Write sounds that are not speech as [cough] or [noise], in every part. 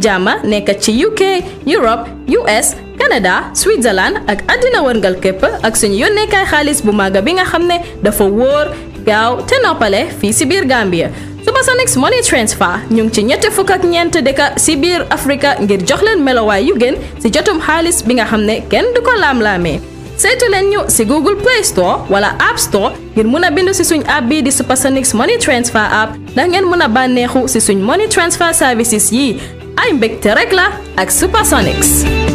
jama nekk ci UK Europe US Canada Switzerland ak adina wërngal kep ak suñu kay xaliss bu maga bi nga xamne ne dafa wóor gaaw te noppale fi ci bir Gambia. Money Transfer ñu ci ñetti fuk ak ci bir Afrika ngir jox leen melowaay yu gën ci jotum xaliss bi nga xamne ne du ko ñu si Google Play Store wala App Store ngir mëna bind bindu si app bi di Supersonics Money Transfer app da ngeen mëna banexu ci si money transfer services yi I'm Victor rek at Supersonic. Supersonics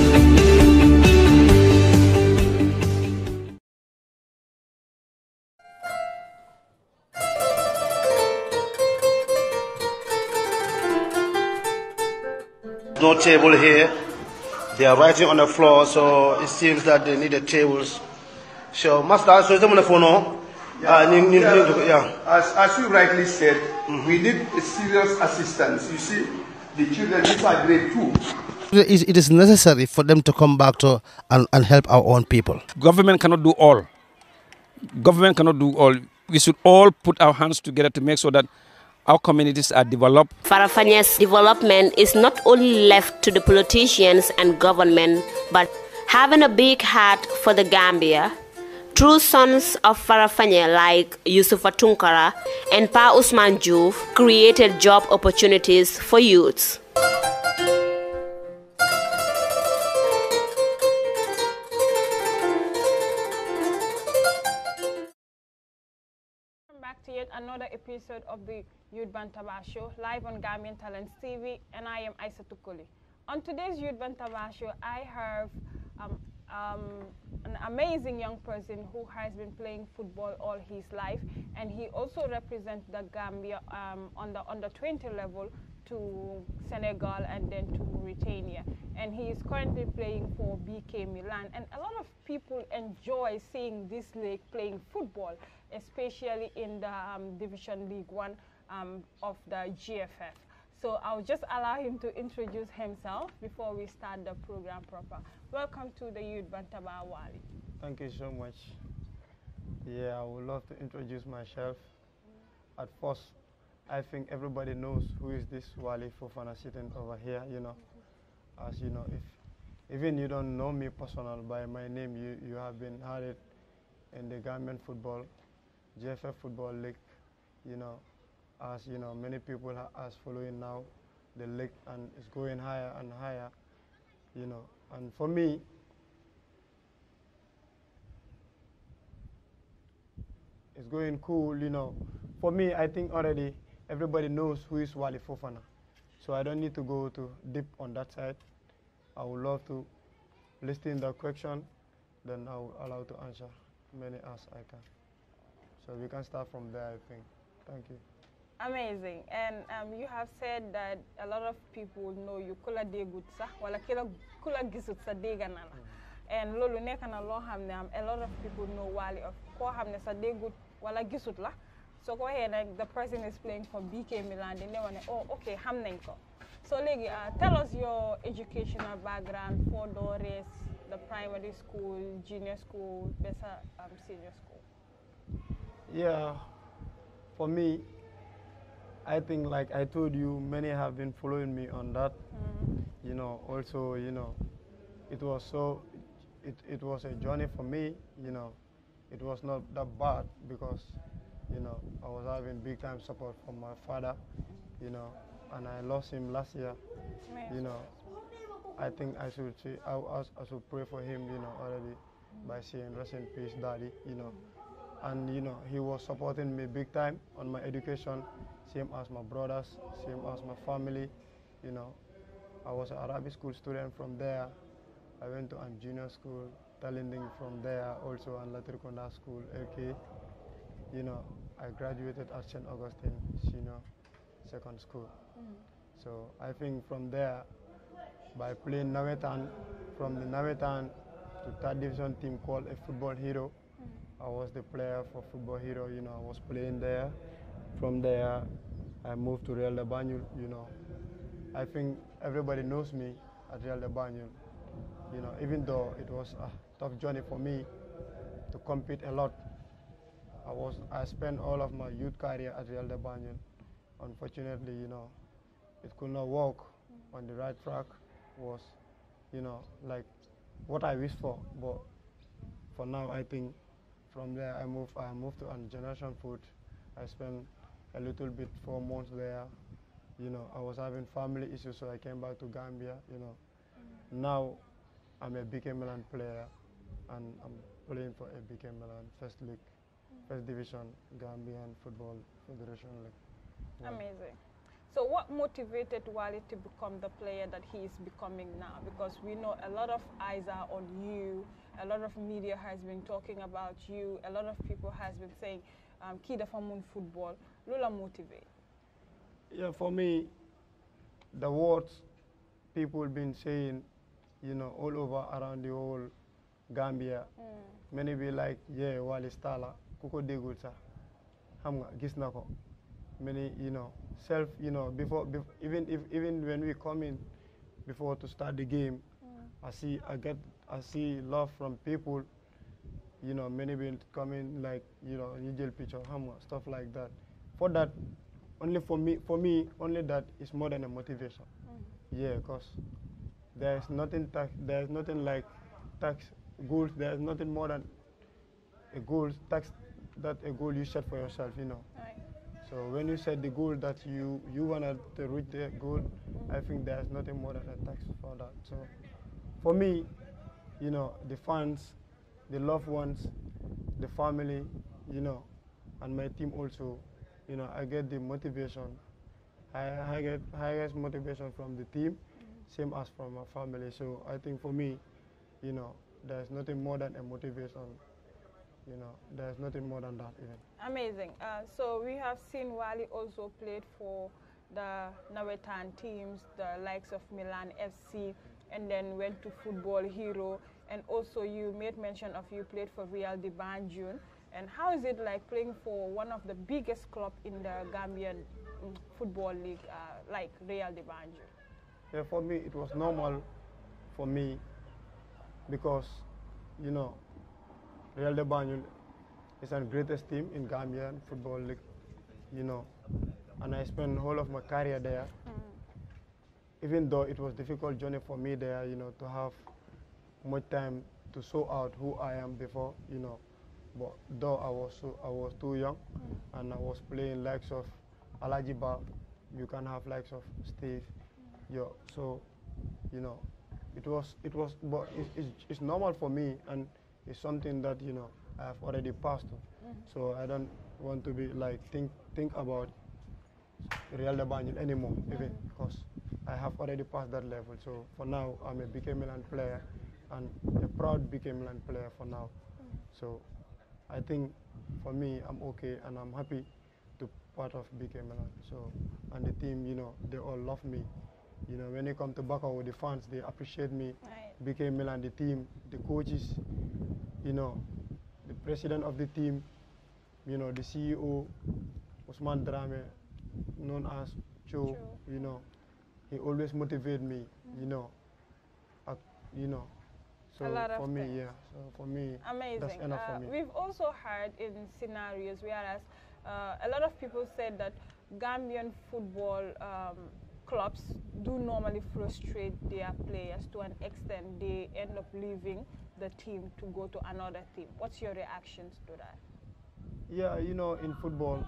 No table here. They are writing on the floor, so it seems that they need the tables. So, Master, so is the phone? No? Yeah. Uh, yeah. As, as you rightly said, mm -hmm. we need serious assistance. You see, the children, these are It is necessary for them to come back to and, and help our own people. Government cannot do all. Government cannot do all. We should all put our hands together to make sure that our communities are developed. Farafanya's development is not only left to the politicians and government, but having a big heart for the Gambia True sons of Farafanya like Yusuf Atunkara and Pa Usman Juf created job opportunities for youths. Welcome back to yet another episode of the Youth Bantaba Show, live on Gambian Talents TV, and I am Isa Tukuli. On today's Youth Bantaba Show, I have um, um, an amazing young person who has been playing football all his life, and he also represents the Gambia um, on the under 20 level to Senegal and then to Mauritania. And he is currently playing for BK Milan. And a lot of people enjoy seeing this league playing football, especially in the um, Division League One um, of the GFF. So I'll just allow him to introduce himself before we start the program proper. Welcome to the Youth Bantaba Wali. Thank you so much. Yeah, I would love to introduce myself. At first, I think everybody knows who is this Wali Fofana sitting over here, you know. As you know, if even you don't know me personal by my name, you, you have been heard it in the Gambian football, GFF football league, you know, as you know many people are following now the league and it's going higher and higher you know and for me it's going cool you know for me i think already everybody knows who is wali fofana so i don't need to go too deep on that side i would love to listen the question then i will allow to answer many as i can so we can start from there i think thank you Amazing. And um, you have said that a lot of people know you kula degutsa wala kila kula gisutsa deganana. And lolo neka na lo hamne um, a lot of people know wali of ko hamne sa wala gisutla. So go ahead like the person is playing for BK Milan and they want oh okay hamne ko. So Legi, uh, tell us your educational background for Doris, the primary school, junior school, better um, senior school. Yeah, for me, I think, like I told you, many have been following me on that. Mm. You know, also, you know, it was so, it, it was a journey for me, you know. It was not that bad because, you know, I was having big time support from my father, you know, and I lost him last year, you know. I think I should say, I, I, I should pray for him, you know, already by saying rest in peace, daddy, you know. And, you know, he was supporting me big time on my education same as my brothers, same as my family. You know, I was an Arabic school student from there. I went to a junior school, Talending from there, also an Latrikona school, LK. You know, I graduated at St. Augustine Senior Second School. Mm. So I think from there, by playing Nawetan, from the Nawetan to third division team called a football hero, mm. I was the player for Football Hero, you know, I was playing there. From there, I moved to Real de Banjul, you know. I think everybody knows me at Real de Banjul, you know, even though it was a tough journey for me to compete a lot. I was I spent all of my youth career at Real de Banjul. Unfortunately, you know, it could not work on the right track was, you know, like what I wished for. But for now, I think from there I moved I moved to on Generation Foot. I spent a little bit four months there. You know, I was having family issues, so I came back to Gambia. You know, mm-hmm. now I'm a big Milan player, and I'm playing for a BK Milan First League, mm-hmm. First Division Gambian Football Federation League. Yeah. Amazing. So what motivated Wally to become the player that he is becoming now? Because we know a lot of eyes are on you, a lot of media has been talking about you, a lot of people has been saying dafa um, football yeah for me the words people been saying you know all over around the whole Gambia. Mm. many be like yeah Wali Stala kuko ko déggul sax nga gis many you know self you know before even if even when we come in before to start the game. Mm. I see I get I see love from people you know, many people come in like, you know, eagle picture, hammer, stuff like that. For that, only for me, for me, only that is more than a motivation. Mm -hmm. Yeah, because there's nothing tax, there's nothing like tax goals, there's nothing more than a goal, tax that a goal you set for yourself, you know. Right. So when you set the goal that you, you want to reach the goal, mm -hmm. I think there's nothing more than a tax for that. So for me, you know, the fans the loved ones, the family, you know, and my team also. You know, I get the motivation. I, I get highest motivation from the team, same as from my family. So I think for me, you know, there's nothing more than a motivation you know, there's nothing more than that even. Amazing. Uh, so we have seen Wali also played for the Nawetan teams, the likes of Milan FC, and then went to Football Hero. And also, you made mention of you played for Real de Banjul. And how is it like playing for one of the biggest club in the Gambian mm, football league, uh, like Real de Banjul? Yeah, for me, it was normal for me because, you know, Real de Banjul is the greatest team in Gambian football league, you know. And I spent the whole of my career there. Mm. Even though it was difficult journey for me there, you know, to have much time to sort out who I am before, you know. But though I was so, I was too young, mm. and I was playing likes of Alaji you can have likes of Steve, mm. yeah. So, you know, it was it was, but it's, it's normal for me, and it's something that you know I've already passed Mm So I don't want to be like think think about Real de Banjul anymore, even mm-hmm. because I have already passed that level. So for now, I'm a BK Milan player and a proud BKM line player for now. So I think for me, I'm okay and I'm happy to part of BKM line. So and the team, you know, they all love me. You know, when they come to Bakau, the fans, they appreciate me. Right. BK the team, the coaches, you know, the president of the team, you know, the CEO, Osman Drame, known as Cho, True. you know, he always motivated me, mm you know, you know, so a lot of for me, things. yeah. So for me, amazing. Uh, me. We've also heard in scenarios whereas uh, a lot of people said that Gambian football um, clubs do normally frustrate their players to an extent. They end up leaving the team to go to another team. What's your reactions to that? Yeah, you know, in football,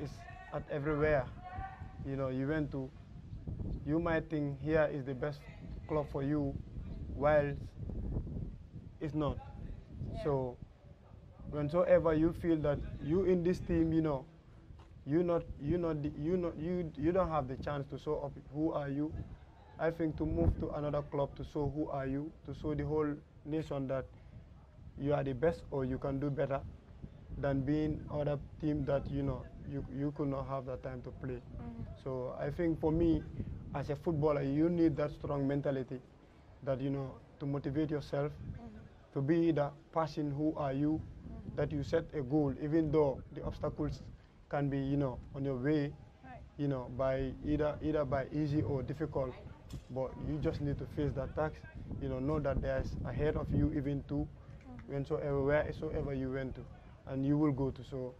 it's at everywhere. You know, you went to, you might think here is the best club for you, whilst it's not. Yeah. So whensoever you feel that you in this team, you know, you not you not you not you you don't have the chance to show up who are you. I think to move to another club to show who are you, to show the whole nation that you are the best or you can do better than being other team that you know you you could not have the time to play. Mm -hmm. So I think for me, as a footballer, you need that strong mentality, that you know to motivate yourself, to be the person who are you, mm. that you set a goal, even though the obstacles can be, you know, on your way, you know, by either either by easy or difficult, but you just need to face that tax, you know, know that there's ahead of you even to mm-hmm. whensoever, wheresoever you went to, and you will go to. So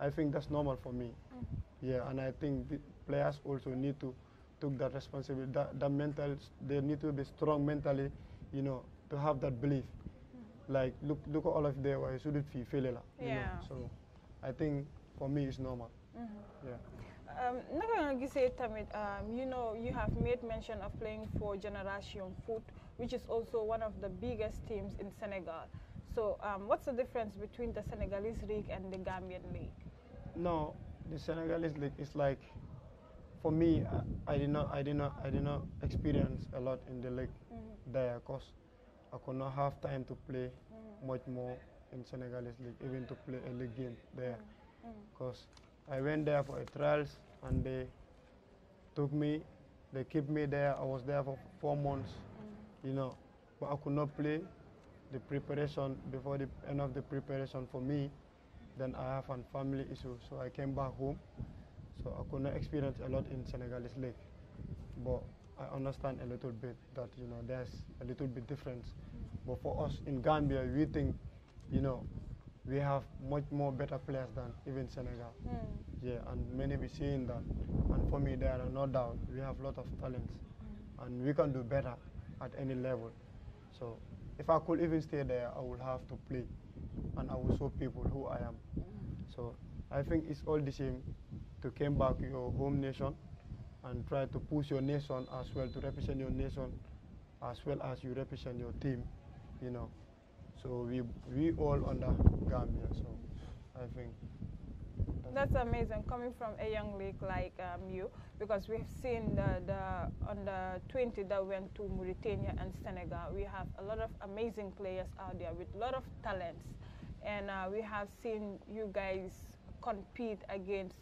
I think that's normal for me. Mm-hmm. Yeah, and I think players also need to took that responsibility, that, that mental, they need to be strong mentally, you know, to have that belief like look look at all of their ways shouldn't feel failure yeah know? so I think for me it's normal mm -hmm. yeah um, um, you know, you have made mention of playing for Generation Foot, which is also one of the biggest teams in Senegal. So, um, what's the difference between the Senegalese league and the Gambian league? No, the Senegalese league is like, for me, I, I did not, I did not, I did not experience a lot in the league mm -hmm. there, cause I could not have time to play mm. much more in Senegalese league, even to play a league game there. Mm. Mm. Because I went there for trials and they took me, they kept me there. I was there for four months, mm. you know, but I could not play. The preparation before the end of the preparation for me, then I have a family issue, so I came back home. So I could not experience a lot in Senegalese league, but I understand a little bit that you know there's a little bit difference, but for us in Gambia, we think, you know, we have much more better players than even Senegal. Mm. Yeah, and many be seeing that. And for me, there are no doubt we have a lot of talents, mm. and we can do better at any level. So, if I could even stay there, I would have to play, and I will show people who I am. Mm. So, I think it's all the same to come back your home nation and try to push your nation as well to represent your nation as well as you represent your team, you know. So we we all under Gambia. So I think that's amazing coming from a young league like um, you because we've seen the, the under 20 that went to Mauritania and Senegal. We have a lot of amazing players out there with a lot of talents, and uh, we have seen you guys compete against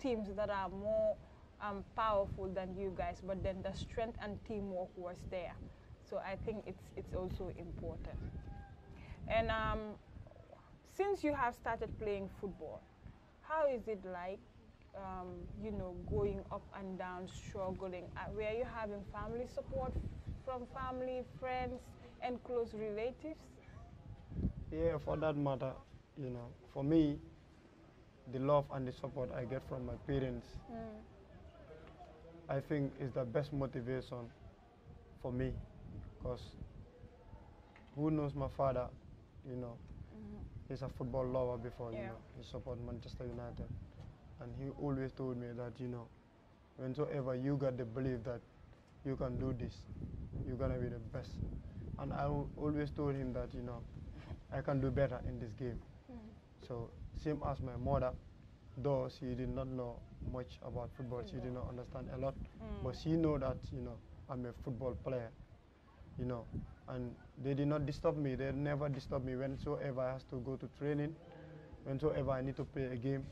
teams that are more um, powerful than you guys, but then the strength and teamwork was there. So I think it's it's also important. And um, since you have started playing football, how is it like? Um, you know, going up and down, struggling. Uh, were you having family support from family, friends, and close relatives? Yeah, for that matter, you know, for me, the love and the support I get from my parents. Mm I think is the best motivation for me because who knows my father, you know, mm -hmm. he's a football lover before, yeah. you know, he support Manchester United. And he always told me that, you know, whenever you got the belief that you can do this, you're going to be the best. And I always told him that, you know, I can do better in this game. Mm -hmm. So same as my mother, though she did not know much about football, she did not understand a lot, mm. but she know that you know I'm a football player, you know, and they did not disturb me. They never disturb me whensoever I have to go to training, whensoever I need to play a game,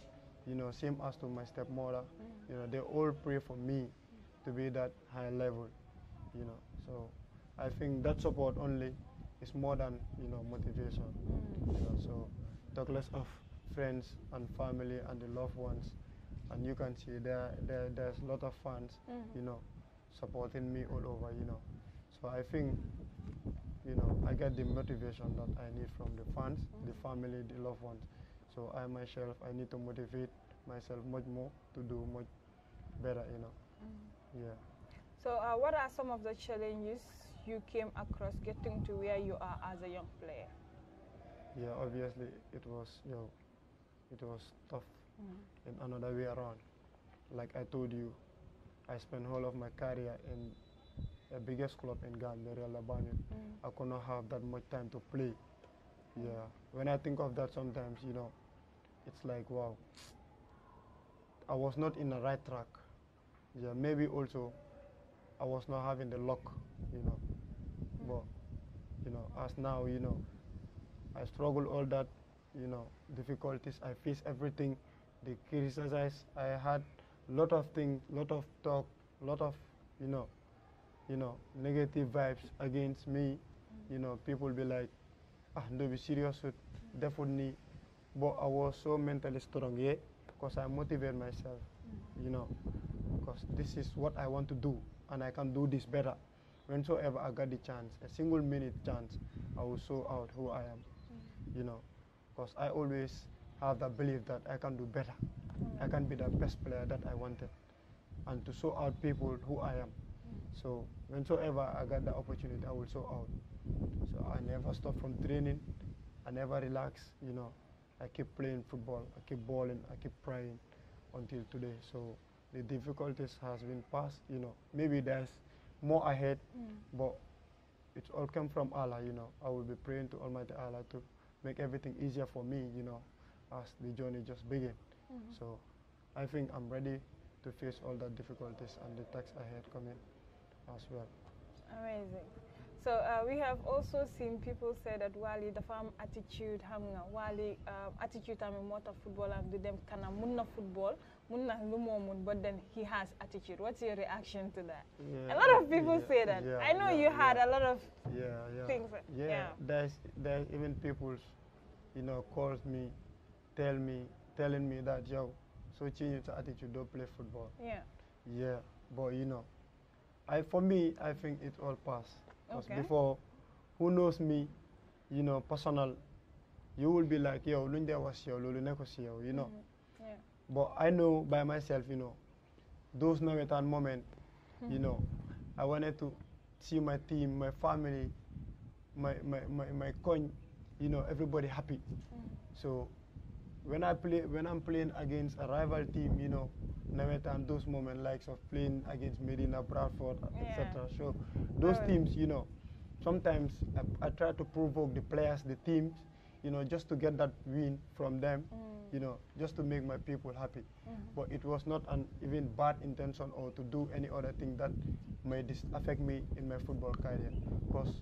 you know. Same as to my stepmother, mm. you know, they all pray for me to be that high level, you know. So I think that support only is more than you know motivation, mm. you know. So talk less of friends and family and the loved ones. And you can see there, there there's a lot of fans, mm-hmm. you know, supporting me all over, you know. So I think, you know, I get the motivation that I need from the fans, mm-hmm. the mm. family, the loved ones. So I myself, I need to motivate myself much more to do much better, you know. Mm-hmm. Yeah. So uh, what are some of the challenges you came across getting to where you are as a young player? Yeah, obviously it was, you know, it was tough. Mm. another way around, like I told you, I spent all of my career in the biggest club in Ghana, Real Albania. Mm. I could not have that much time to play. Yeah, when I think of that sometimes, you know, it's like, wow, I was not in the right track. Yeah, maybe also I was not having the luck, you know. Mm. But, you know, as now, you know, I struggle all that you know, difficulties I faced, everything, the criticize I had, lot of things, lot of talk, lot of, you know, you know, negative vibes against me. You know, people be like, ah, don't be serious with definitely. But I was so mentally strong, yeah, because I motivate myself, you know, because this is what I want to do and I can do this better. Whensoever I got the chance, a single minute chance, I will show out who I am, you know because I always have the belief that I can do better. I can be the best player that I wanted and to show out people who I am. So whenever I got the opportunity, I will show out. So I never stop from training. I never relax, you know. I keep playing football. I keep balling. I keep praying until today. So the difficulties has been passed. you know. Maybe there's more ahead, mm. but it all came from Allah, you know. I will be praying to Almighty Allah to make everything easier for me, you know, as the journey just began. Mm -hmm. So I think I'm ready to face all the difficulties and the tasks ahead coming as well. Amazing. So uh, we have also seen people say that Wali the farm attitude, Hamna, Wali um, uh, attitude, I'm a motor football, i do them kana munna football. Munna but then he has attitude. What's your reaction to that? Yeah, a lot of people yeah, say that. Yeah, I know you had a lot of things. Uh, yeah, There's, there's even people, you know, calls me, tell me, telling me that, yo, so change your attitude, don't play football. Yeah. Yeah, but you know, I for me, I think it all passed. Because okay. before, who knows me, you know, personal, you will be like, yo, Lundia was yo, Lulu Neko you know. Mm -hmm. But I know by myself, you know, those moments and moments, mm -hmm. you know, I wanted to see my team, my family, my, my, my, my coin, you know, everybody happy. Mm. So when I play, when I'm playing against a rival team, you know, Nemeta and those moments, likes of playing against Medina, Bradford, yeah. etc. So those oh. teams, you know, sometimes I, I, try to provoke the players, the teams, you know, just to get that win from them, mm. you know, just to make my people happy. Mm. But it was not an even bad intention or to do any other thing that may affect me in my football career. Because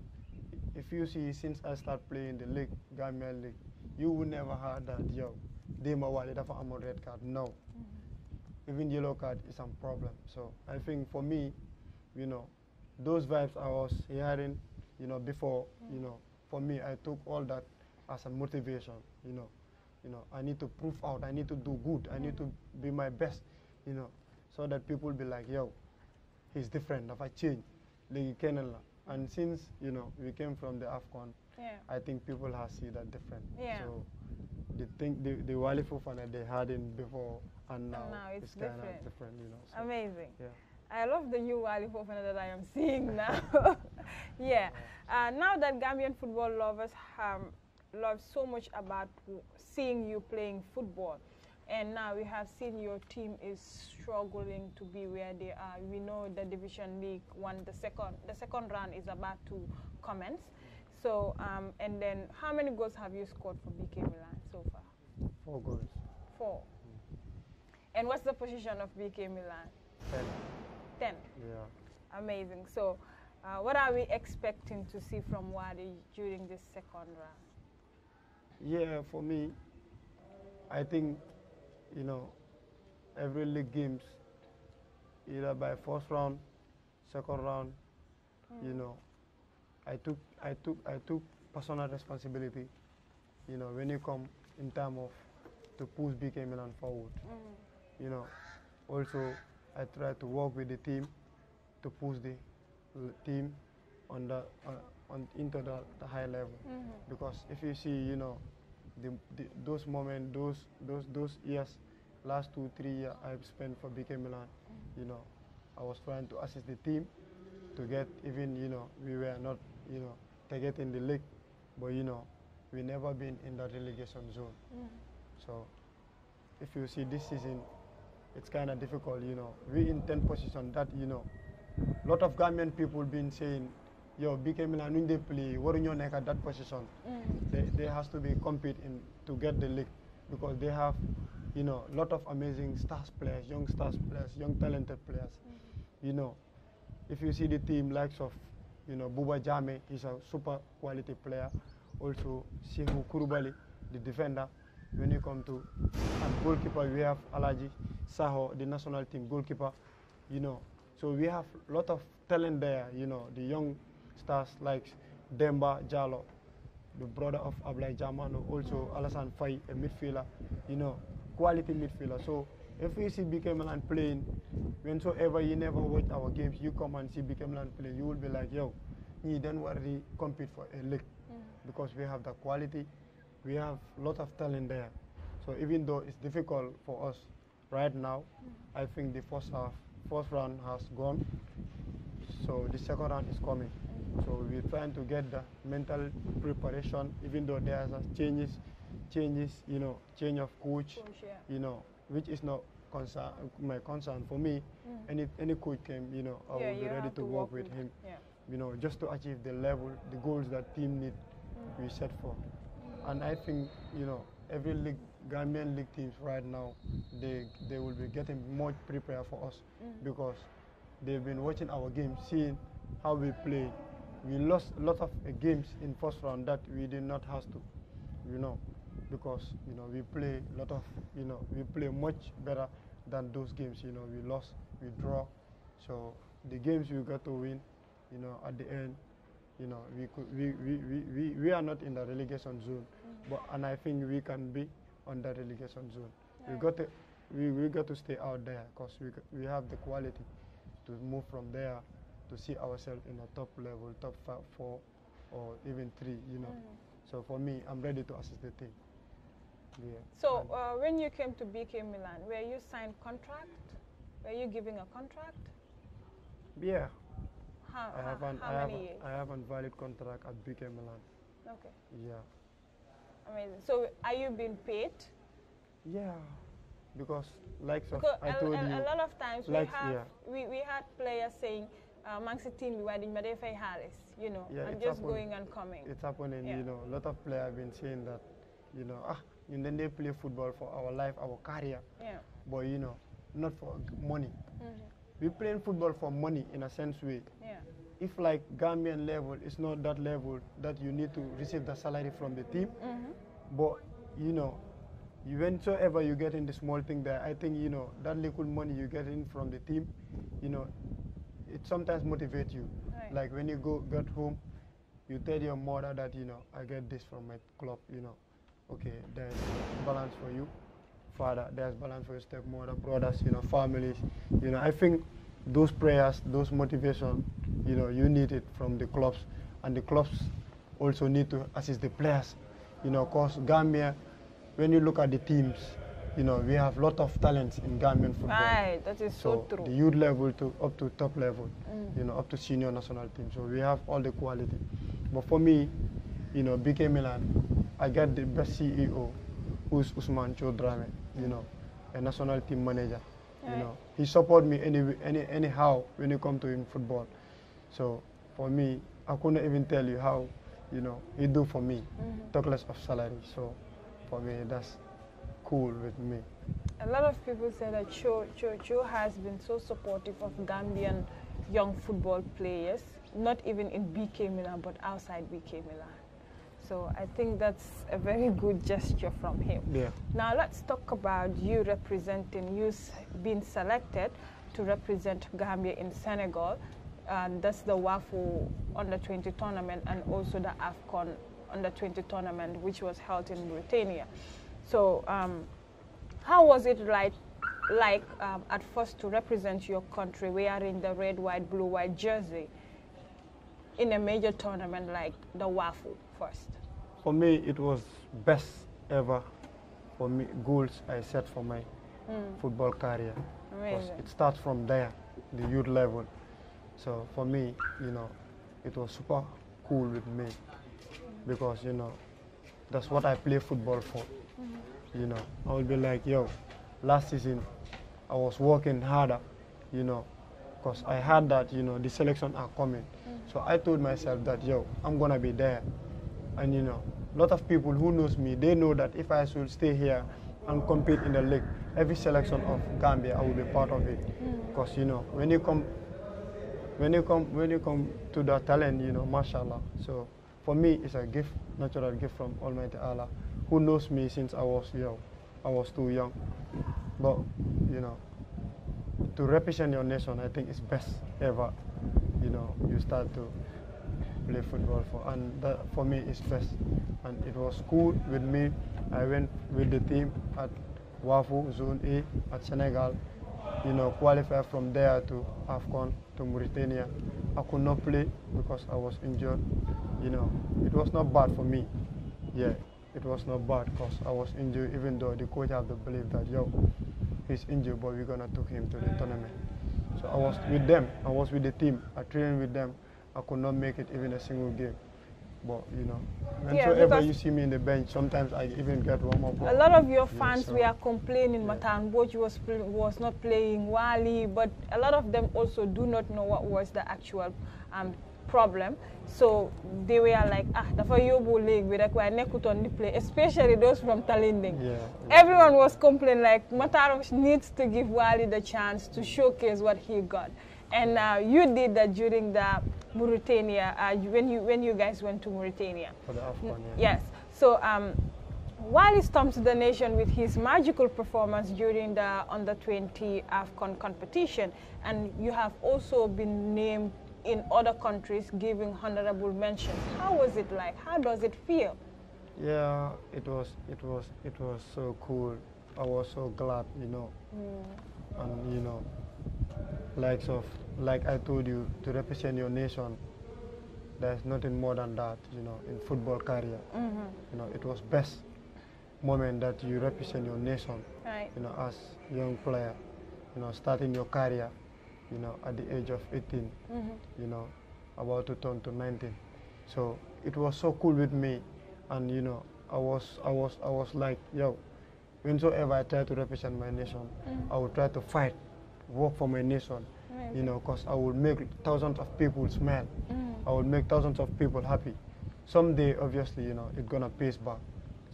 if you see, since I start playing the league, Gambian league, you will never have that, yo, Dima Wale, therefore I'm a red card. No. Mm -hmm. Even yellow card is a problem. So I think for me, you know, those vibes I was hearing, you know, before, you mm. know, for me, I took all that as a motivation. You know, you know, I need to prove out. I need to do good. I need to be my best. You know, so that people be like, yo, he's different. Have I changed? Like Kenela. Uh, and since you know we came from the Afcon, yeah. I think people have seen that different. Yeah. So they think the the Wali that they had in before and now, and now it's, it's different. kind of different. You know. So Amazing. Yeah. I love the new Wali Fofana that I am seeing [laughs] now. [laughs] yeah. Uh, now that Gambian football lovers um, love so much about seeing you playing football. And now we have seen your team is struggling to be where they are. We know the Division League one, the second, the second round is about to commence. So, um, and then how many goals have you scored for BK Milan so far? Four goals. Four. Mm. And what's the position of BK Milan? Ten. Ten. Yeah. Amazing. So, uh, what are we expecting to see from Wadi during this second round? Yeah, for me, I think, you know, every league games, either by first round, second round, mm. you know, I took, I took, I took personal responsibility, you know, when you come in terms of to push BK Milan forward. Mm. You know, also I try to work with the team to push the team on the uh, on into the, the high level. Mm -hmm. Because if you see, you know, the, the, those moments, those those those years, last two three years I've spent for BK Milan, mm -hmm. you know, I was trying to assist the team to get even you know we were not you know targeting the league, but you know we never been in that relegation zone. Mm -hmm. So if you see this season, it's kind of difficult. You know we in 10th position that you know, lot of Gambian people been saying yo BK an nuñ dee play waruñoo nekk at that position. Mm. they they has to be compete in to get the league because they have you know lot of amazing stars players young stars players young talented players. Mm. you know if you see the team likes of you know Buba Jame he's a super quality player also Sekou Kurubali, the defender when you come to and goalkeeper we have Alaji Saho the national team goalkeeper you know so we have lot of talent there you know the young stars like Demba Jalo, the brother of Ablai Jamano, also Alassane Fay, a midfielder, you know, quality midfielder. So if you see BK playing, whenever you never watch our games, you come and see BK playing, you will be like, yo, you don't worry, compete for a league mm. because we have the quality, we have a lot of talent there. So even though it's difficult for us right now, mm. I think the first half, first round has gone, so the second round is coming. So we're trying to get the mental preparation, even though there's a changes, changes, you know, change of coach, coach yeah. you know, which is not concern, my concern for me. Mm. Any any coach came, you know, I yeah, will be ready to, to work, work with, him. Yeah. You know, just to achieve the level, the goals that team need, mm. we set for. And I think, you know, every league, Gambian league teams right now, they they will be getting much prepared for us mm. because they've been watching our game, seeing how we play, we lost a lot of uh, games in first round that we did not have to, you know, because you know we play a lot of, you know, we play much better than those games. You know, we lost, we draw, so the games we got to win, you know, at the end, you know, we could, we, we, we, we, are not in the relegation zone, but and I think we can be on the relegation zone. We got to, we, we got to stay out there because we we have the quality to move from there to see ourselves in a top level, top five, four, or even three, you know. Mm. So for me, I'm ready to assist the team. Yeah. So uh, when you came to BK Milan, were you signed contract? Were you giving a contract? Yeah. How, I have an, how I have, many years? I have a valid contract at BK Milan. Okay. Yeah. Amazing. So are you being paid? Yeah because like so I told a, a, you, a lot of times like, we have yeah. we, we had players saying uh, the team we were in ma Harris. you know yeah, I'm just happened, going and coming it's happening yeah. you know a lot of players have been saying that you know ah and then they play football for our life our career yeah. but you know not for money mm -hmm. we playing football for money in a sense way yeah. if like Gambian level it's not that level that you need to receive the salary from the team mm -hmm. but you know you, whensoever you get in the small thing there, I think you know that little money you get in from the team, you know, it sometimes motivates you. Right. Like when you go get home, you tell your mother that you know I get this from my club. You know, okay, there's balance for you, father. There's balance for your stepmother, brothers. You know, families. You know, I think those prayers, those motivation, you know, you need it from the clubs, and the clubs also need to assist the players. You know, cause Gambia, when you look at the teams, you know, we have a lot of talents in Gambian football. Right, that is so, so true. The youth level to up to top level, mm. you know, up to senior national team. So we have all the quality. But for me, you know, BK Milan, I got the best CEO, who's Usman Chodrame, you know, a national team manager. Right. You know, he support me any, any anyhow when it come to in football. So for me, I couldn't even tell you how, you know, he do for me. Mm -hmm. Talk less of salary. So for me, that's cool with me. A lot of people say that Cho, Cho, Cho has been so supportive of Gambian young football players, not even in BK Milan, but outside BK Milan. So I think that's a very good gesture from him. Yeah. Now let's talk about you representing, you being selected to represent Gambia in Senegal. And that's the WAFU Under 20 tournament and also the AFCON Under 20 tournament, which was held in Britannia. So um, how was it like, like um, at first to represent your country wearing the red, white, blue, white jersey in a major tournament like the WAFU first? For me, it was best ever for me goals I set for my mm. football career. It starts from there, the youth level. So for me, you know, it was super cool with me because you know that's what I play football for. Mm-hmm. You know, I would be like, yo, last season I was working harder, you know, because I had that, you know, the selection are coming. Mm-hmm. So I told myself that, yo, I'm going to be there. And, you know, a lot of people who knows me, they know that if I should stay here and compete in the league, every selection of Gambia, I will be part of it. Because, mm-hmm. you know, when you come, when you come, when you come to that talent, you know, mashallah. So for me, it's a gift, natural gift from Almighty Allah who knows me since I was young. I was too young. But, you know, to represent your nation, I think it's best ever, you know, you start to play football for. And that, for me, it's best. And it was cool with me. I went with the team at Wafu, Zone A, at Senegal, you know, qualify from there to AFCON, to Mauritania. I could not play because I was injured. You know, it was not bad for me. Yeah it was not bad because I was injured, even though the coach have the belief that, yo, he's injured, but we're going to take him to the tournament. So I was with them. I was with the team. I trained with them. I could not make it even a single game. But, you know, whenever yeah, you see me in the bench, sometimes I even get one more A lot of your fans yeah, so were complaining yeah. Matan Boch was, was not playing, Wali, but a lot of them also do not know what was the actual um, Problem, so they were like ah dafa yóbbu like, bi like waaye nekkutoon di play especially those from Talinding everyone was complaining like Matarosh needs to give Wali the chance to showcase what he got and uh, you did that during the Mauritania uh, when you when you guys went to Mauritania for the Afcon, yeah. yes so um, stormed the nation with his magical performance during the under 20 AFCON competition, and you have also been named in other countries giving honorable mentions. How was it like? How does it feel? Yeah, it was, it was, it was so cool. I was so glad, you know, mm. and you know, likes of, like I told you, to represent your nation. There's nothing more than that, you know, in football career. Mm -hmm. You know, it was best moment that you represent your nation. Right. You know, as young player, you know, starting your career you know, at the age of 18, mm -hmm. you know, about to turn to 19. So it was so cool with me, and you know, I was, I was, I was like, yo, whensoever I try to represent my nation, mm -hmm. I will try to fight, work for my nation, you know, because I will make thousands of people smile. Mm -hmm. I will make thousands of people happy. Someday, obviously, you know, it's gonna pays back.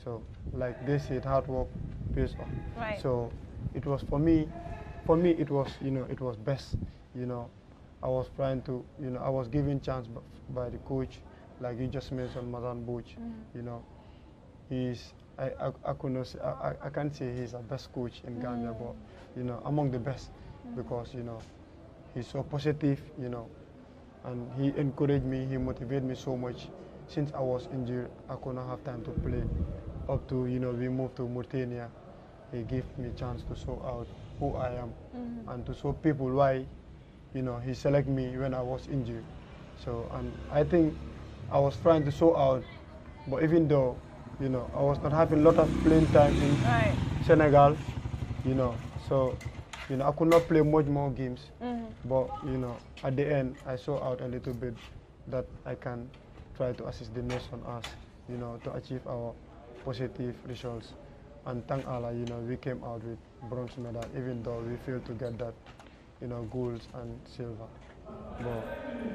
So, like they said, hard work pays off. Right. So, it was for me for me, it was, you know, it was best. You know, I was trying to, you know, I was given chance by the coach, like you just mentioned, Madan Butch. Mm You know, he's, I, I, I could not say, I, I can't say he's the best coach in mm -hmm. but, you know, among the best mm. because, you know, he's so positive, you know, and he encouraged me, he motivated me so much. Since I was injured, I could not have time to play. Up to, you know, we moved to Mauritania, he gave me chance to show out who I am mm-hmm. and to show people why, you know, he selected me when I was injured. So, and I think I was trying to show out, but even though, you know, I was not having a lot of playing time in right. Senegal, you know, so, you know, I could not play much more games. Mm-hmm. But, you know, at the end, I saw out a little bit that I can try to assist the nation us, you know, to achieve our positive results. And thank Allah, you know, we came out with bronze medal, even though we failed to get that, you know, gold and silver. But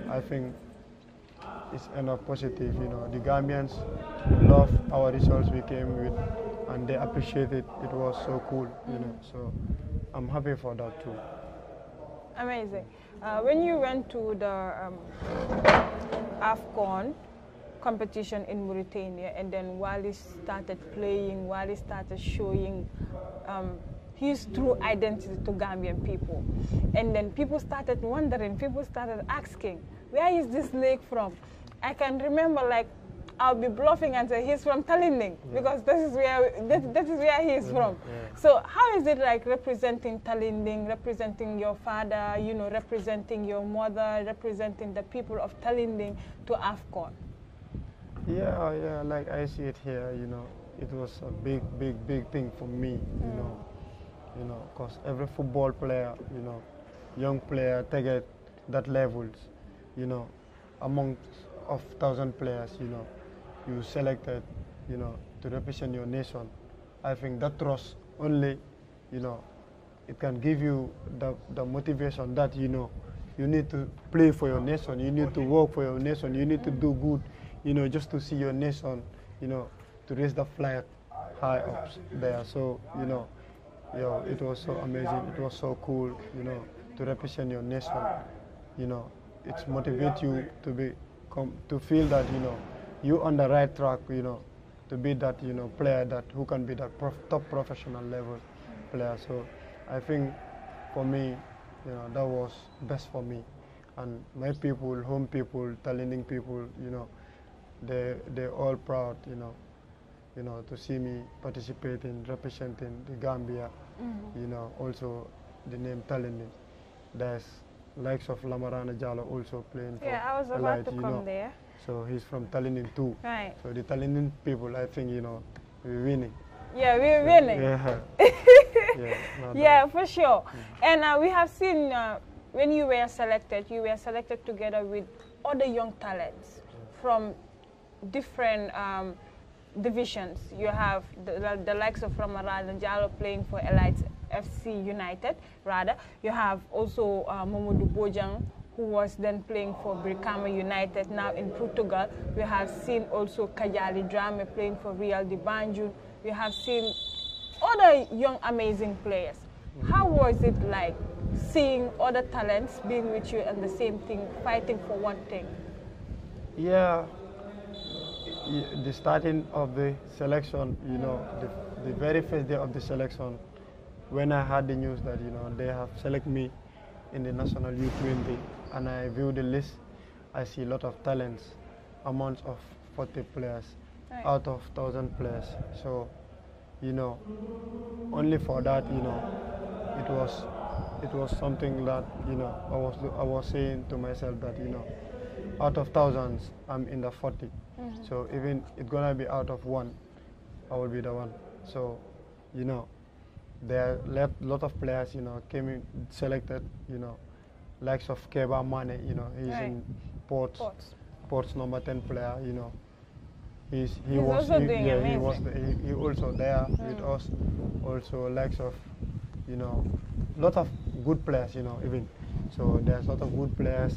I think it's enough positive, you know. The Gambians love our results we came with and they appreciate it. It was so cool, you know. So I'm happy for that too. Amazing. Uh, when you went to the um, AFCON, competition in Mauritania, and then Wally started playing, Wally started showing um, his true identity to Gambian people. And then people started wondering, people started asking, where is this lake from? I can remember like I'll be bluffing and say he's from Talinding yeah. because this is where this is where he's yeah, from. Yeah. So how is it like representing Talinding? representing your father, you know, representing your mother, representing the people of Talinding to AFCON? Yeah, yeah, like I see it here, you know, it was a big, big, big thing for me, you mm. know, you know, because every football player, you know, young player, take it that levels, you know, among of thousand players, you know, you selected, you know, to represent your nation. I think that trust only, you know, it can give you the, the motivation that, you know, you need to play for your nation, you need to work for your nation, you need to do good you know, just to see your nation, you know, to raise the flag high up there. So, you know, yo, it was so amazing. It was so cool, you know, to represent your nation. You know, it motivates you to be, come, to feel that, you know, you on the right track, you know, to be that, you know, player that who can be that prof top professional level player. So I think for me, you know, that was best for me. And my people, home people, talenting people, you know, they they're all proud, you know, you know, to see me participating, representing the Gambia, mm -hmm. you know, also the name telling there's likes of Lamarana Jalo also playing yeah, for I was about to come know. there. So he's from Talinin too. Right. So the Talinin people, I think, you know, we're winning. Yeah, we're so, winning. Yeah. [laughs] yeah, yeah for sure. Yeah. Mm. And uh, we have seen uh, when you were selected, you were selected together with other young talents yeah. from different um, divisions. You have the, the, likes of Ramadan Jalo playing for Elite FC United, rather. You have also uh, Mamadou Bojang, who was then playing for Brikama United, now in Portugal. We have seen also Kajali Drame playing for Real de Banjul. We have seen other young, amazing players. How was it like seeing other talents being with you and the same thing, fighting for one thing? Yeah, the starting of the selection, you know, the, the very first day of the selection, when I had the news that, you know, they have selected me in the National U20 and I view the list, I see a lot of talents amounts of 40 players right. out of 1,000 players. So, you know, only for that, you know, it was it was something that, you know, I was I was saying to myself that, you know, out of thousands, I'm in the 40. Mm-hmm. So even it's gonna be out of one, I will be the one. So, you know, there are a lot of players, you know, came in, selected, you know, likes of Keba Mane, you know, he's right. in Ports, Ports, Ports number 10 player, you know. He's, he he's was, also he, doing yeah, amazing. he was, he, he also there mm. with us, also likes of, you know, lot of good players, you know, even. So there's a lot of good players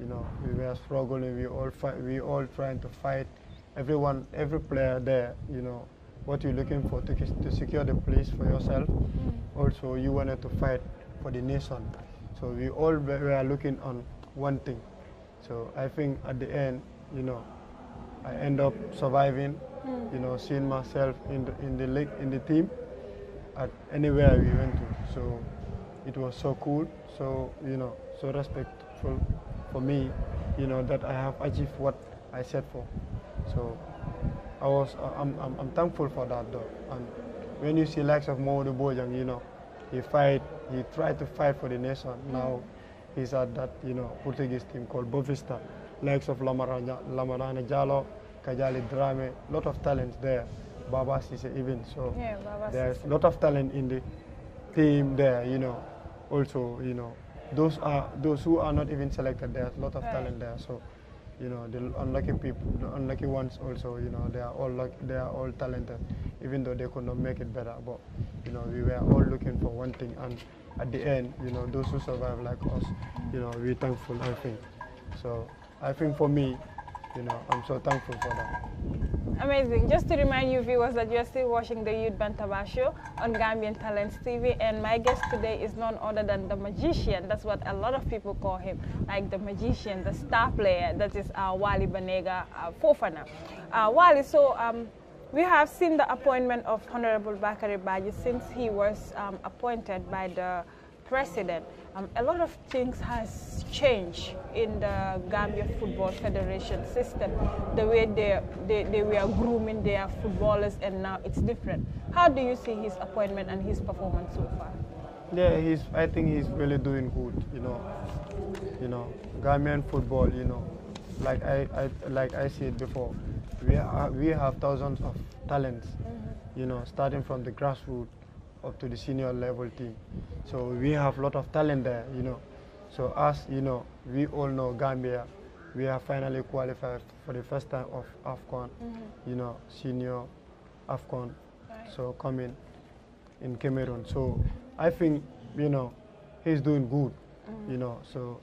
you know, we were struggling. We all fight, we all trying to fight. Everyone, every player there. You know, what you're looking for to, to secure the place for yourself. Mm. Also, you wanted to fight for the nation. So we all were looking on one thing. So I think at the end, you know, I end up surviving. Mm. You know, seeing myself in the, in the league, in the team, at anywhere we went to. So it was so cool. So you know, so respectful for me, you know, that I have achieved what I set for. So I was, uh, I'm, I'm, I'm thankful for that though. And when you see likes of Mamadou Bojang, you know, he fight, he tried to fight for the nation. Mm. Now he's at that, you know, Portuguese team called Bovista. Likes of Lamarana, Lamarana Jalo, Kajali Drame, lot of talent there. Baba is even, so yeah, there's a lot of talent in the team there, you know. Also, you know, those are those who are not even selected. There's a lot of right. talent there. So, you know, the unlucky people, the unlucky ones also. You know, they are all luck, they are all talented, even though they could not make it better. But you know, we were all looking for one thing, and at the end, you know, those who survive like us, you know, we're thankful. I think. So, I think for me, you know, I'm so thankful for that. Amazing. Just to remind you viewers that you're still watching the Youth Bantaba show on Gambian Talents TV and my guest today is none other than the magician. That's what a lot of people call him, like the magician, the star player. That is uh, Wali Banega uh, Fofana. Uh, Wali, so um, we have seen the appointment of Honorable Bakari Baji since he was um, appointed by the president. Um, a lot of things has changed in the Gambia Football Federation system, the way they, they, they were grooming their footballers and now it's different. How do you see his appointment and his performance so far? Yeah, he's, I think he's really doing good, you know. You know, Gambian football, you know, like I, I, like I said before, we, are, we have thousands of talents, mm -hmm. you know, starting from the grassroots up to the senior level team. So we have a lot of talent there, you know. So as you know, we all know Gambia, we are finally qualified for the first time of AFCON, mm -hmm. you know, senior AFCON. Right. So coming in Cameroon. So I think, you know, he's doing good, mm -hmm. you know. So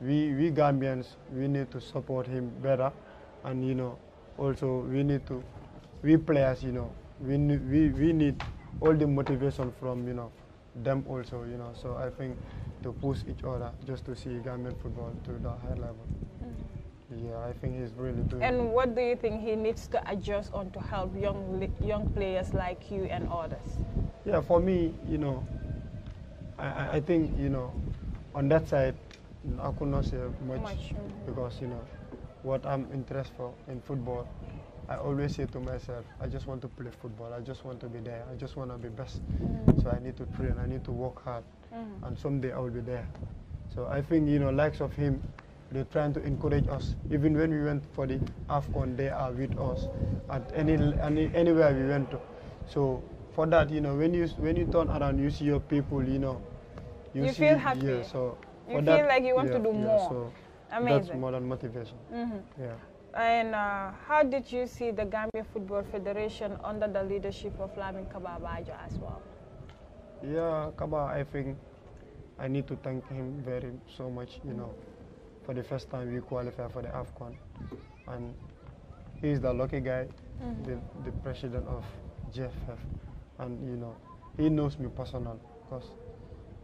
we, we Gambians, we need to support him better. And, you know, also we need to, we players, you know, we, we, we need all the motivation from you know them also you know so i think to push each other just to see gambian football to the high level mm. yeah i think he's really doing and what do you think he needs to adjust on to help young young players like you and others yeah for me you know i i think you know on that side i could not say much, much. Mm. because you know what i'm interested for in football I always say to myself, I just want to play football. I just want to be there. I just want to be best. Mm. So I need to train. I need to work hard. Mm. And someday I will be there. So I think, you know, likes of him, they're trying to encourage us. Even when we went for the AFCON, they are with us at any, any anywhere we went to. So for that, you know, when you when you turn around, you see your people, you know, you, you see, feel happy. Yeah, so you feel that, like you want yeah, to do yeah, more. So Amazing. That's more than motivation. Mm -hmm. Yeah. And uh, how did you see the Gambia Football Federation under the leadership of Lamin Kababajo as well? Yeah, Kaba, I think I need to thank him very so much, you know, for the first time we qualify for the AFCON. And he's the lucky guy, mm -hmm. the, the president of GFF. And, you know, he knows me personal because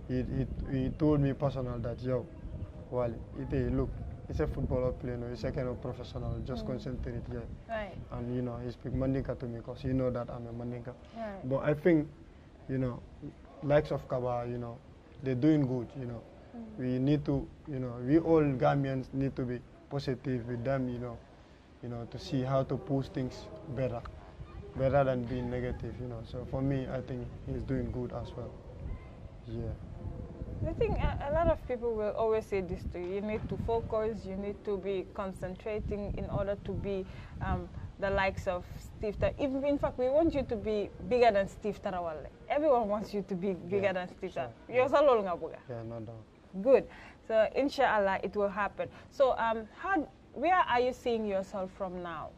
he, he, he told me personal that, yo, well, it, look, he's a footballer player, no, he's a kind of professional, just mm. concentrate here. Right. And you know, he speak Mandinka to me because he know that I'm a Mandinka. Right. But I think, you know, likes of Kaba, you know, they're doing good, you know. Mm. We need to, you know, we all Gambians need to be positive with them, you know, you know, to see how to push things better, better than being negative, you know. So for me, I think he's doing good as well. Yeah. I think a, a, lot of people will always say this to you. You need to focus, you need to be concentrating in order to be um, the likes of Steve Tar- Even In fact, we want you to be bigger than Steve Tarawale. Everyone wants you to be bigger yeah, than Steve sure. Tarawale. You're so long Yeah, no doubt. Good. So, inshallah, it will happen. So, um, how, where are you seeing yourself from now?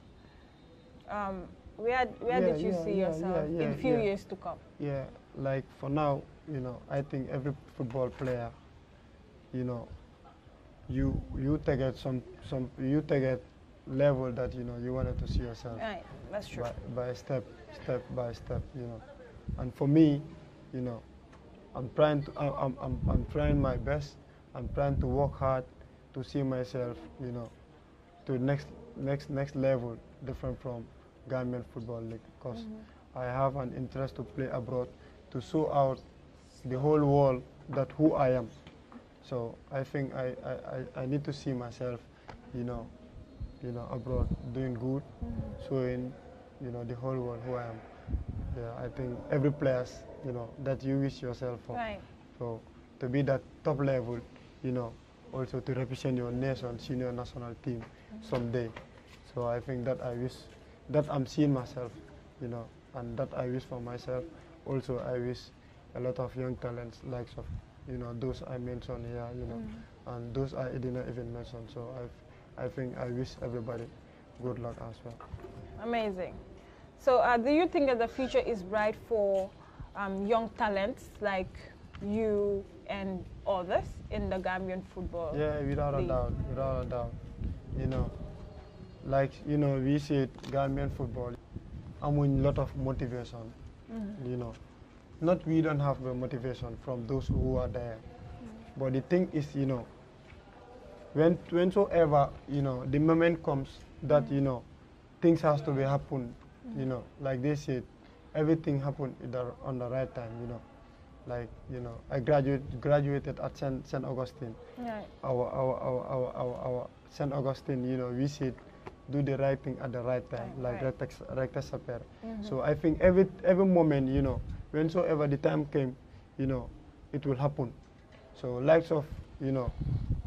Um, where where yeah, did you yeah, see yourself in few years to come? Yeah, like for now, you know, I think every football player, you know, you you take it some some you take it level that you know you wanted to see yourself. Right, that's true. By, by step, step by step, you know. And for me, you know, I'm trying to I'm, I'm, I'm trying my best. I'm trying to work hard to see myself, you know, to next next next level, different from Gambian Football League, because mm -hmm. I have an interest to play abroad to show out the whole world that who I am. So I think I, I, I need to see myself, you know, you know, abroad doing good, mm-hmm. showing, you know, the whole world who I am. Yeah, I think every place, you know, that you wish yourself for. Right. So to be that top level, you know, also to represent your nation, senior national team someday. So I think that I wish that I'm seeing myself, you know, and that I wish for myself. Also I wish a lot of young talents, likes of, you know, those I mentioned here, you know, mm. and those I didn't even mention. So i I think I wish everybody good luck as well. Amazing. So uh, do you think that the future is bright for um, young talents like you and others in the Gambian football? Yeah, without league? a doubt, without a doubt. You know, like, you know, we see Gambian football, I'm in a lot of motivation, mm -hmm. you know not we don't have the motivation from those who are there. Mm. But the thing is, you know, when whensoever you know the moment comes that mm. you know things has to be happen, you mm. know, like they said, everything happened on the right time, you know. Like you know, I graduate graduated at Saint, Saint Augustine. Right. Our, our, our, our, our, our Saint Augustine, you know, we said do the right thing at the right time, right, like right. Rectus, rectus mm -hmm. So I think every every moment, you know, whensoever the time came, you know, it will happen. So likes of, you know,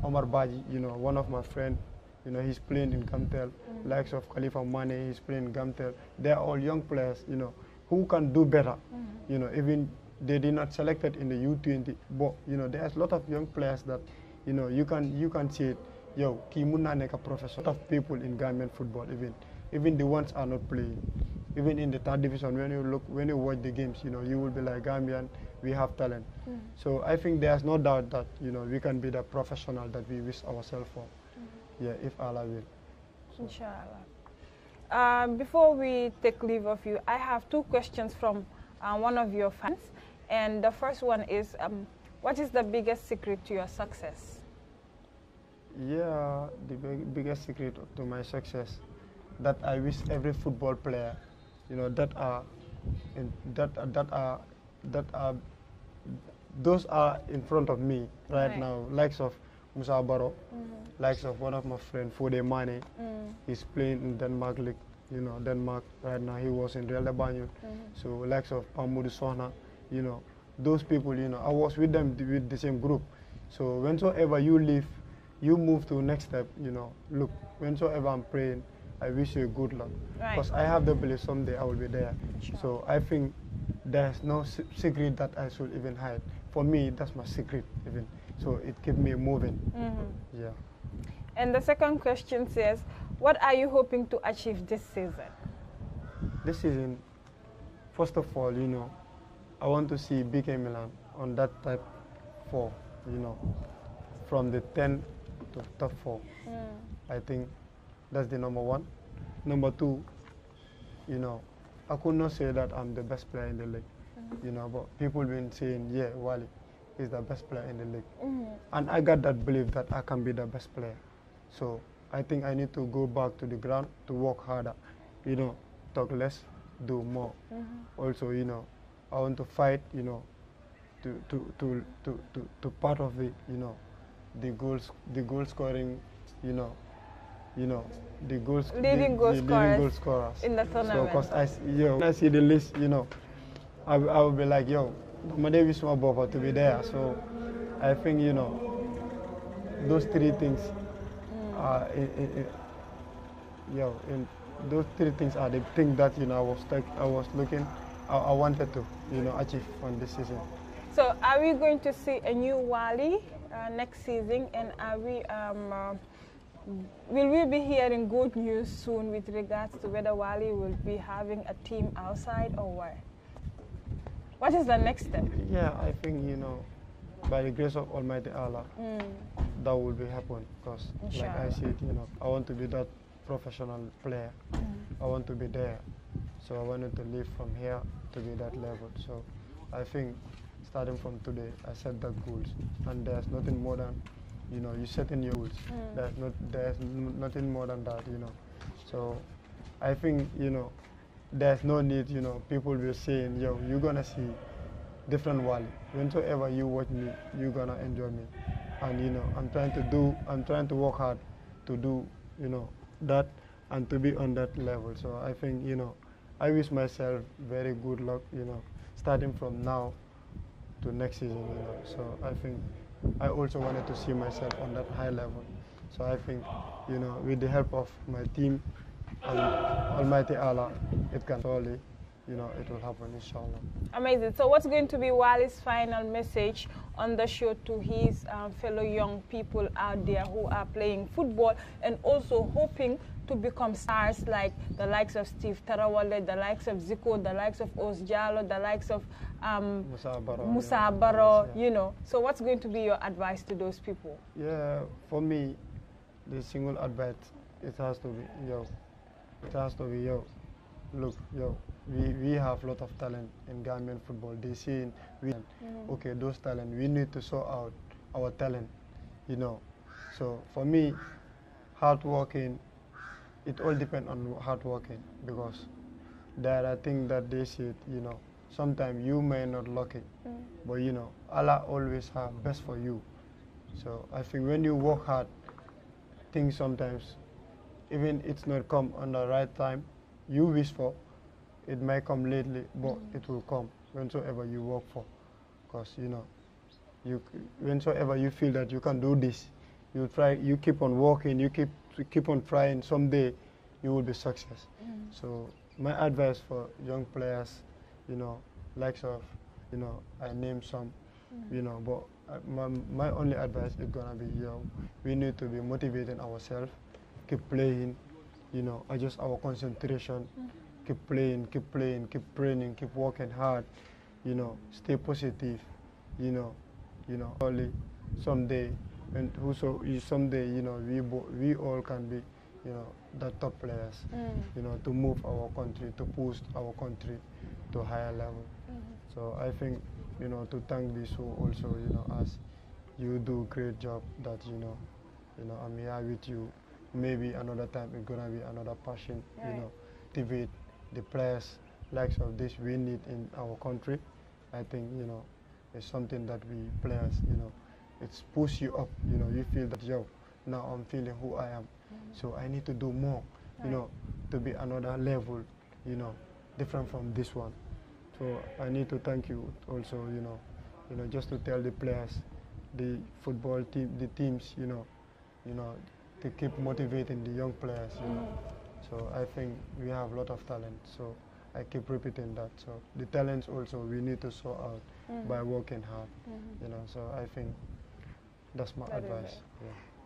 Omar Baji, you know, one of my friend, you know, he's playing in Gamtel. Mm -hmm. Likes of Khalifa Mane, he's playing in Gamtel. They are all young players, you know, who can do better. Mm -hmm. You know, even they did not selected in the U20, but you know, there's a lot of young players that, you know, you can you can see it. Yo, Kimuna Neka professor. A lot of people in Gambian football, even even the ones are not playing even in the third division, when you look, when you watch the games, you know, you will be like Gambian, we have talent. Mm So I think there's no doubt that you know we can be the professional that we wish ourselves for. Mm Yeah, if Allah will. So. Inshallah. Um, before we take leave of you, I have two questions from uh, one of your fans, and the first one is, um, what is the biggest secret to your success? Yeah, the big, biggest secret to my success that I wish every football player you know that are in, that that are that are those are in front of me right, right. now likes of Musa Baro, mm. Mm-hmm. likes of one of my friends, Fode Mane. Mm. He's playing in Denmark League, you know, Denmark right now. He was in Real de Mm -hmm. So likes of Pamudu Sohna, you know, those people, you know, I was with them with the same group. So whensoever you leave, you move to next step, you know, look, whensoever I'm praying, I wish you good luck. Because right. I have the belief someday I will be there. Sure. So I think there's no secret that I should even hide. For me, that's my secret even. So it keeps me moving. Mm -hmm. Yeah. And the second question says, what are you hoping to achieve this season? This season, first of all, you know, I want to see BK Milan on that type four, you know, from the 10 to top four. Mm. I think that's the number one. Number two, you know, I could not say that I'm the best player in the league, mm -hmm. you know, but people been saying, yeah, Wally is the best player in the league. Mm -hmm. And I got that belief that I can be the best player. So I think I need to go back to the ground to work harder, you know, talk less, do more. Mm -hmm. Also, you know, I want to fight, you know, to, to, to, to, to, to part of the, you know, the goals, the goal scoring, you know, you know, the goals, leading, the, goal, the scorers leading goal scorers in the tournament. So, cause I, yeah, I see the list, you know, I, I will be like, yo, Made Wisma Bova to be there. So I think, you know, those three things mm. are, eh, eh, eh, yo, and those three things are the thing that, you know, I was, I was looking, I, I wanted to, you know, achieve on this season. So are we going to see a new Wally uh, next season and are we, um, uh, will we be hearing good news soon with regards to whether Wali will be having a team outside or what? What is the next step? Yeah, I think, you know, by the grace of Almighty Allah, mm. that will be happen because, like I said, you know, I want to be that professional player. Mm. I want to be there. So I wanted to live from here to be that level. So I think starting from today, I set the goals, and there's nothing more than you know you set in your rules. Mm. There's not there's nothing more than that, you know. So I think you know there's no need, you know, people will saying, yo, you're gonna see different Wally. Whenever you watch me, you're gonna enjoy me. And you know, I'm trying to do, I'm trying to work hard to do, you know, that and to be on that level. So I think, you know, I wish myself very good luck, you know, starting from now to next season, you know. So I think I also wanted to see myself on that high level. So I think, you know, with the help of my team and Almighty Allah, it can surely you know, it will happen, inshallah. Amazing. So what's going to be Wali's final message on the show to his um, fellow young people out there who are playing football and also hoping to become stars like the likes of Steve Tarawale, the likes of Zico, the likes of Osjalo, the likes of um, Musa yeah. you know. So what's going to be your advice to those people? Yeah, for me, the single advice, it has to be, yo, it has to be, yo, look, yo, we, we have a lot of talent in Gambian football. They see we mm. okay those talent. We need to sort out our talent, you know. So for me, hard working, it all depends on hard working because there I think that they said, you know, sometimes you may not lucky, mm. but you know, Allah always have best for you. So I think when you work hard, things sometimes, even it's not come on the right time, you wish for, it may come lately, but mm. it will come whensoever you work for. Because, you know, you whensoever you feel that you can do this, you try, you keep on working, you keep, keep on trying. Someday you will be success. Mm. So my advice for young players, you know, likes of, you know, I name some, mm. you know, but uh, my, my only advice is gonna be, you know, we need to be motivating ourselves, keep playing, you know, adjust our concentration, mm keep playing, keep playing, keep training, keep working hard, you know, stay positive, you know, you know, only someday, and also someday, you know, we, we all can be, you know, the top players, mm. you know, to move our country, to push our country to higher level. Mm -hmm. So I think, you know, to thank Bisu also, you know, as you do great job that, you know, you know, I'm here with you. Maybe another time it's gonna be another passion, right. you know, debate the players likes of this we need in our country. I think you know it's something that we players you know it's push you up. You know you feel that yo now I'm feeling who I am, mm -hmm. so I need to do more. Right. You know to be another level. You know different from this one. So I need to thank you also. You know you know just to tell the players, the football team, the teams. You know you know to keep motivating the young players. You know. Mm-hmm. So I think we have a lot of talent. So I keep repeating that. So the talents also we need to sort out mm -hmm. by working hard. Mm -hmm. You know, so I think that's my that advice.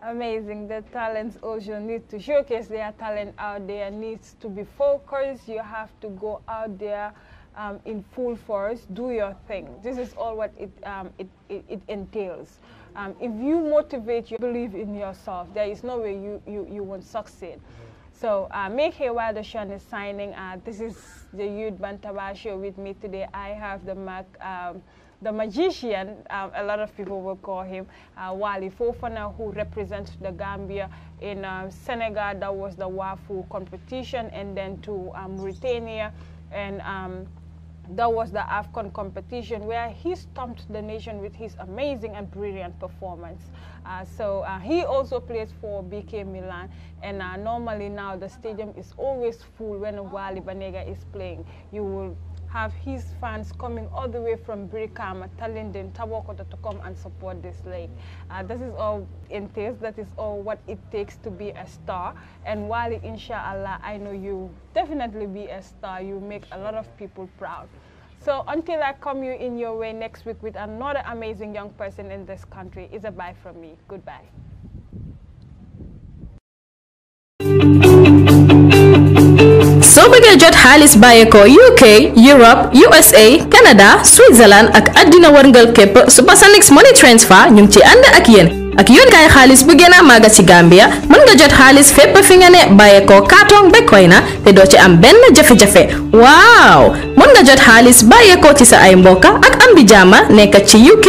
Amazing. The talents also need to showcase their talent out there. Needs to be focused. You have to go out there. Um, in full force, do your thing. This is all what it, um, it, it, it, entails. Um, if you motivate, you believe in yourself, there is no way you, you, you won't succeed. Mm -hmm. So uh, make haywire the is signing. Uh, this is the Youth Bantaba show with me today. I have the Mac, um, the magician, um, a lot of people will call him, uh, Wali Fofana, who represents the Gambia in uh, Senegal. That was the WAFU competition, and then to um, Mauritania and um, that was the AFCON competition where he stumped the nation with his amazing and brilliant performance. Uh, so uh, he also plays for BK Milan, and uh, normally now the stadium is always full when Wali Banega is playing. You will have his fans coming all the way from Brikama, telling them to come and support this league. Uh, this is all in that is all what it takes to be a star. And Wali, inshallah, I know you definitely be a star. You make a lot of people proud. So until I come you in your way next week with another amazing young person in this country, it's a bye from me. Goodbye. soo bëggee jot xaalis bàyyeekoo UK Europe USA Canada Switzerland ak àddina wërngal képp Supersonix Money Transfer ñu ngi ci ànd ak yéen ak yoon kaay xaalis bu gën a màgg ci Gambia mën nga jot xaalis fépp fi nga ne bàyyeekoo kaatong ba koy na te doo ci am benn jafe-jafe waaw mën nga jot xaalis bàyyeekoo ci sa ay mbokka ak am bi jaama nekk ci UK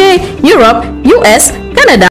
Europe US Canada.